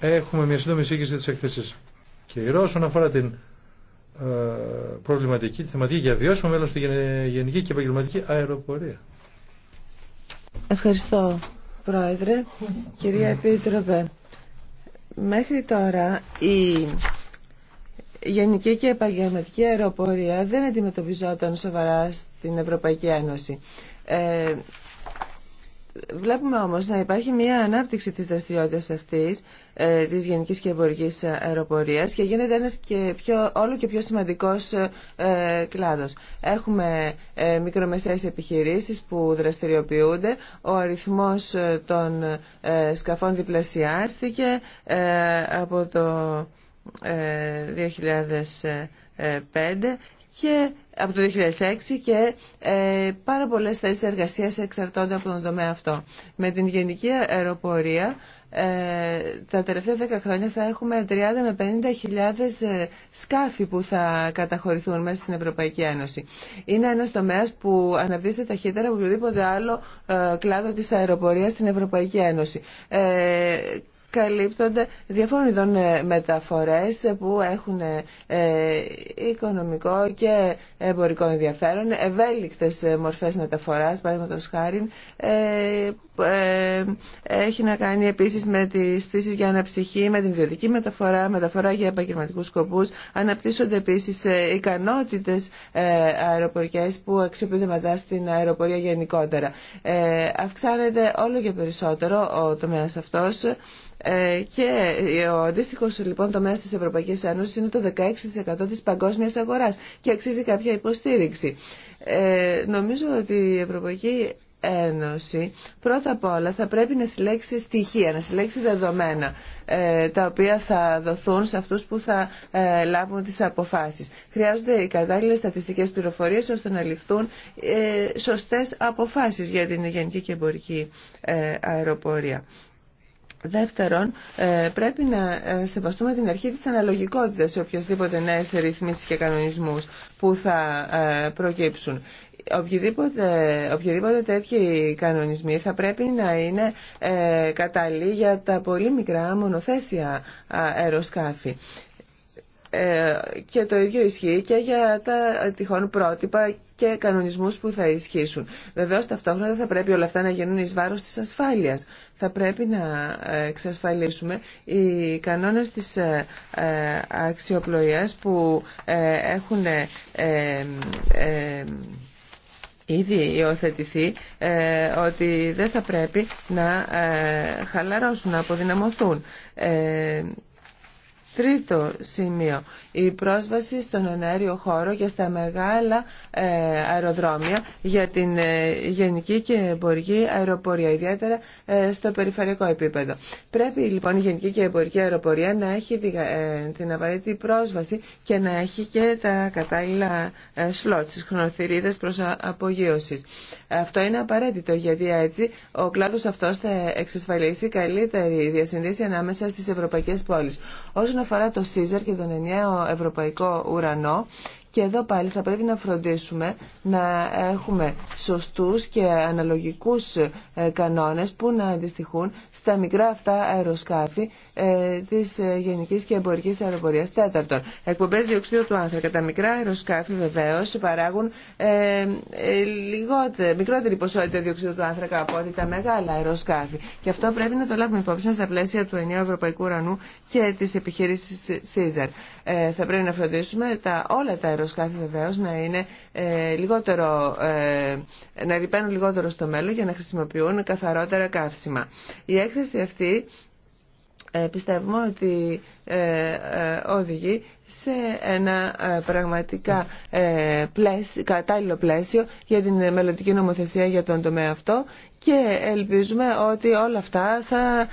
έχουμε μια σύντομη σύγκριση της εκθέση Και η όσον αφορά την ε, προβληματική, τη θεματική για βιώσιμο μέλλον στη γενική και επαγγελματική αεροπορία. Ευχαριστώ, Πρόεδρε. Κυρία ναι. Επίτροπε, μέχρι τώρα η γενική και επαγγελματική αεροπορία δεν αντιμετωπιζόταν σοβαρά στην Ευρωπαϊκή Ένωση. Ε, Βλέπουμε όμως να υπάρχει μια ανάπτυξη της δραστηριότητας αυτής ε, της γενικής και εμπορικής αεροπορίας και γίνεται ένας και πιο, όλο και πιο σημαντικός ε, κλάδος. Έχουμε ε, μικρομεσαίες επιχειρήσεις που δραστηριοποιούνται, ο αριθμός ε, των ε, σκαφών διπλασιάστηκε από το... 2005 και από το 2006 και ε, πάρα πολλές θέσεις εργασίας εξαρτώνται από τον τομέα αυτό. Με την γενική αεροπορία ε, τα τελευταία 10 χρόνια θα έχουμε 30 με 50 χιλιάδες ε, σκάφη που θα καταχωρηθούν μέσα στην Ευρωπαϊκή Ένωση. Είναι ένας τομέας που αναπτύσσεται ταχύτερα από οποιοδήποτε άλλο κλάδο της αεροπορίας στην Ευρωπαϊκή Ένωση καλύπτονται διαφόρων ειδών ε, μεταφορές που έχουν ε, ε, οικονομικό και εμπορικό ενδιαφέρον, ευέλικτες μορφές μεταφοράς, παραδείγματος χάρη, έχει να κάνει επίσης με τις θύσεις για αναψυχή, με την ιδιωτική μεταφορά, μεταφορά για επαγγελματικού σκοπούς. Αναπτύσσονται επίσης ικανότητες αεροπορικές που αξιοποιούνται μετά στην αεροπορία γενικότερα. Αυξάνεται όλο και περισσότερο ο τομέας αυτός ε, και ε, ο αντίστοιχο λοιπόν τομέα τη Ευρωπαϊκή Ένωση είναι το 16% τη παγκόσμια αγορά και αξίζει κάποια υποστήριξη. Ε, νομίζω ότι η Ευρωπαϊκή Ένωση πρώτα απ' όλα θα πρέπει να συλλέξει στοιχεία, να συλλέξει δεδομένα ε, τα οποία θα δοθούν σε αυτούς που θα λάβουν τις αποφάσεις. Χρειάζονται οι κατάλληλες στατιστικές πληροφορίες ώστε να ληφθούν σωστές αποφάσεις για την γενική και εμπορική αεροπορία. Δεύτερον, ε, πρέπει να ε, σεβαστούμε την αρχή της αναλογικότητας σε οποιασδήποτε νέες ρυθμίσεις και κανονισμούς που θα ε, προκύψουν. Οποιοδήποτε, τέτοιοι κανονισμοί θα πρέπει να είναι ε, κατάλληλοι για τα πολύ μικρά μονοθέσια αεροσκάφη. Ε, και το ίδιο ισχύει και για τα τυχόν πρότυπα και κανονισμούς που θα ισχύσουν. Βεβαίως ταυτόχρονα θα πρέπει όλα αυτά να γίνουν εις βάρος της ασφάλειας. Θα πρέπει να εξασφαλίσουμε οι κανόνες της ε, ε, αξιοπλοίας που ε, έχουν ήδη υιοθετηθεί ότι δεν θα πρέπει να χαλαρώσουν, να αποδυναμωθούν. Τρίτο σημείο, η πρόσβαση στον ενέργειο χώρο και στα μεγάλα ε, αεροδρόμια για την ε, γενική και εμπορική αεροπορία, ιδιαίτερα ε, στο περιφερειακό επίπεδο. Πρέπει λοιπόν η γενική και εμπορική αεροπορία να έχει την απαραίτητη πρόσβαση και να έχει και τα κατάλληλα σλότ, τις χρονοθυρίδες προς απογείωσης. Αυτό είναι απαραίτητο γιατί έτσι ο κλάδος αυτός θα εξασφαλίσει καλύτερη διασυνδέση ανάμεσα στις ευρωπαϊκές πόλεις. Όσον αφορά το ΣΥΖΑΡ και τον ενιαίο ευρωπαϊκό ουρανό, και εδώ πάλι θα πρέπει να φροντίσουμε να έχουμε σωστούς και αναλογικούς ε, κανόνες που να αντιστοιχούν στα μικρά αυτά αεροσκάφη ε, της ε, γενικής και εμπορικής αεροπορίας. Τέταρτον, εκπομπές διοξιδίου του άνθρακα. Τα μικρά αεροσκάφη βεβαίως παράγουν λιγότερη, μικρότερη ποσότητα διοξιδίου του άνθρακα από ό,τι τα μεγάλα αεροσκάφη. Και αυτό πρέπει να το λάβουμε υπόψη στα πλαίσια του ενιαίου ευρωπαϊκού ουρανού και της επιχείρησης Caesar. θα πρέπει να φροντίσουμε τα, όλα τα αεροσκάφη αεροσκάφη βεβαίω να είναι ε, λιγότερο, ε, να ρηπαίνουν λιγότερο στο μέλλον για να χρησιμοποιούν καθαρότερα καύσιμα. Η έκθεση αυτή ε, πιστεύουμε ότι ε, ε, οδηγεί σε ένα πραγματικά πλαίσιο, κατάλληλο πλαίσιο για την μελλοντική νομοθεσία για τον τομέα αυτό και ελπίζουμε ότι όλα αυτά θα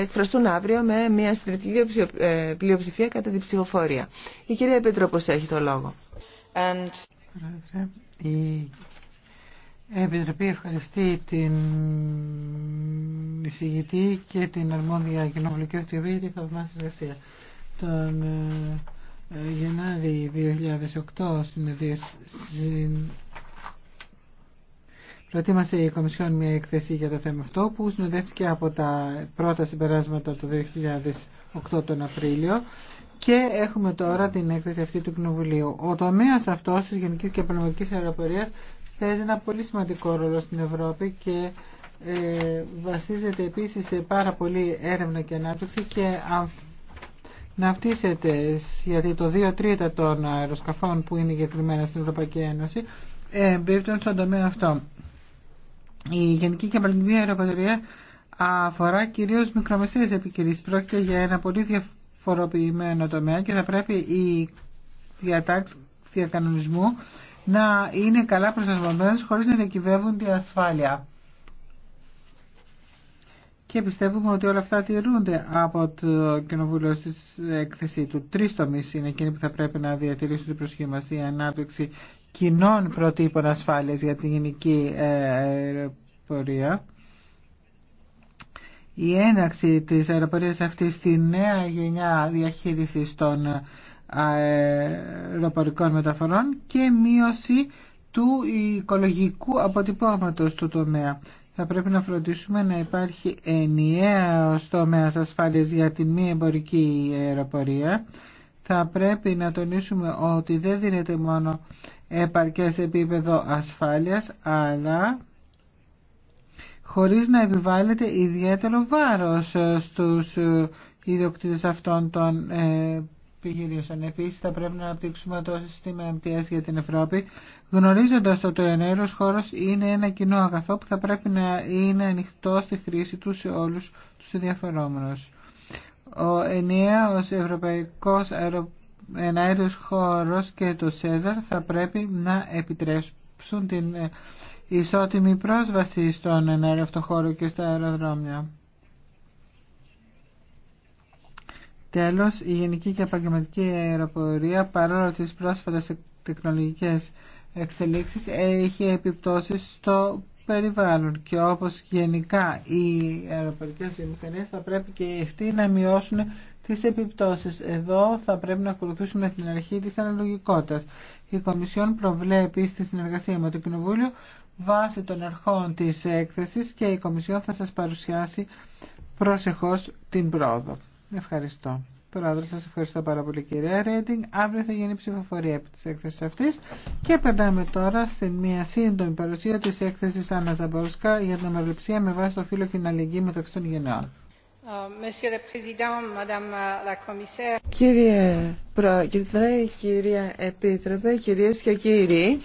εκφραστούν αύριο με μια συντριπτική πλειοψηφία κατά την ψηφοφορία. Η κυρία Επίτροπος έχει το λόγο. And... Η Επιτροπή ευχαριστεί την εισηγητή και την αρμόδια κοινοβουλική αστυνομία για τη θαυμάσια εργασία. Τον ε, ε, Γενάρη 2008 στην Προετοίμασε η Κομισιόν μια εκθέση για το θέμα αυτό που συνοδεύτηκε από τα πρώτα συμπεράσματα του 2008 τον Απρίλιο και έχουμε τώρα την έκθεση αυτή του Κοινοβουλίου. Ο τομέα αυτό τη Γενική και Επανομική Αεροπορία παίζει ένα πολύ σημαντικό ρόλο στην Ευρώπη και ε, βασίζεται επίσης σε πάρα πολύ έρευνα και ανάπτυξη και ναυτίσεται γιατί το 2 τρίτα των αεροσκαφών που είναι εγκεκριμένα στην Ευρωπαϊκή Ένωση ε, εμπίπτουν στον τομέα αυτό. Η Γενική και Παλαιτική Αεροπατορία αφορά κυρίως μικρομεσαίες επιχειρήσεις. Πρόκειται για ένα πολύ διαφοροποιημένο τομέα και θα πρέπει η διατάξη διακανονισμού να είναι καλά προσαρμοσμένες χωρίς να διακυβεύουν τη ασφάλεια και πιστεύουμε ότι όλα αυτά τηρούνται από το Κοινοβούλιο στη έκθεση του. Τρει τομεί είναι εκείνοι που θα πρέπει να διατηρήσουν την προσοχή Η ανάπτυξη κοινών προτύπων ασφάλεια για την γενική ε, αεροπορία. Η έναρξη τη αεροπορία αυτή στη νέα γενιά διαχείρισης των αεροπορικών μεταφορών και μείωση του οικολογικού αποτυπώματος του τομέα θα πρέπει να φροντίσουμε να υπάρχει ενιαίο τομέα ασφάλεια για την μη εμπορική αεροπορία. Θα πρέπει να τονίσουμε ότι δεν δίνεται μόνο επαρκές επίπεδο ασφάλειας, αλλά χωρίς να επιβάλλεται ιδιαίτερο βάρος στους ιδιοκτήτες αυτών των ε, επιχειρήσεων. Επίση, θα πρέπει να αναπτύξουμε το σύστημα MTS για την Ευρώπη, γνωρίζοντα ότι ο ενέργειο χώρο είναι ένα κοινό αγαθό που θα πρέπει να είναι ανοιχτό στη χρήση του σε όλου του ενδιαφερόμενου. Ο ως ευρωπαϊκός αερο... χώρος και το ΣΕΖΑΡ θα πρέπει να επιτρέψουν την ε, ισότιμη πρόσβαση στον ενέργειο χώρο και στα αεροδρόμια. Τέλο, η γενική και επαγγελματική αεροπορία παρόλο τι πρόσφατες τεχνολογικές εξελίξεις έχει επιπτώσει στο περιβάλλον και όπως γενικά οι αεροπορικέ βιομηχανίε θα πρέπει και αυτοί να μειώσουν τι επιπτώσει. Εδώ θα πρέπει να ακολουθήσουμε την αρχή της αναλογικότητα. Η Κομισιόν προβλέπει στη συνεργασία με το Κοινοβούλιο βάσει των αρχών της έκθεσης και η Κομισιόν θα σας παρουσιάσει προσεχώς την πρόοδο. Ευχαριστώ. Πρόεδρε, σα ευχαριστώ πάρα πολύ κυρία Ρέντινγκ. Αύριο θα γίνει ψηφοφορία από τη έκθεση αυτή. Και περνάμε τώρα στην μια σύντομη παρουσία τη έκθεση Άννα Ζαμπορσκά για την ομαλυψία με βάση το φύλλο και την αλληλεγγύη μεταξύ των γενεών. Κύριε Πρόεδρε, κυρία Επίτροπε, κυρίες και κύριοι,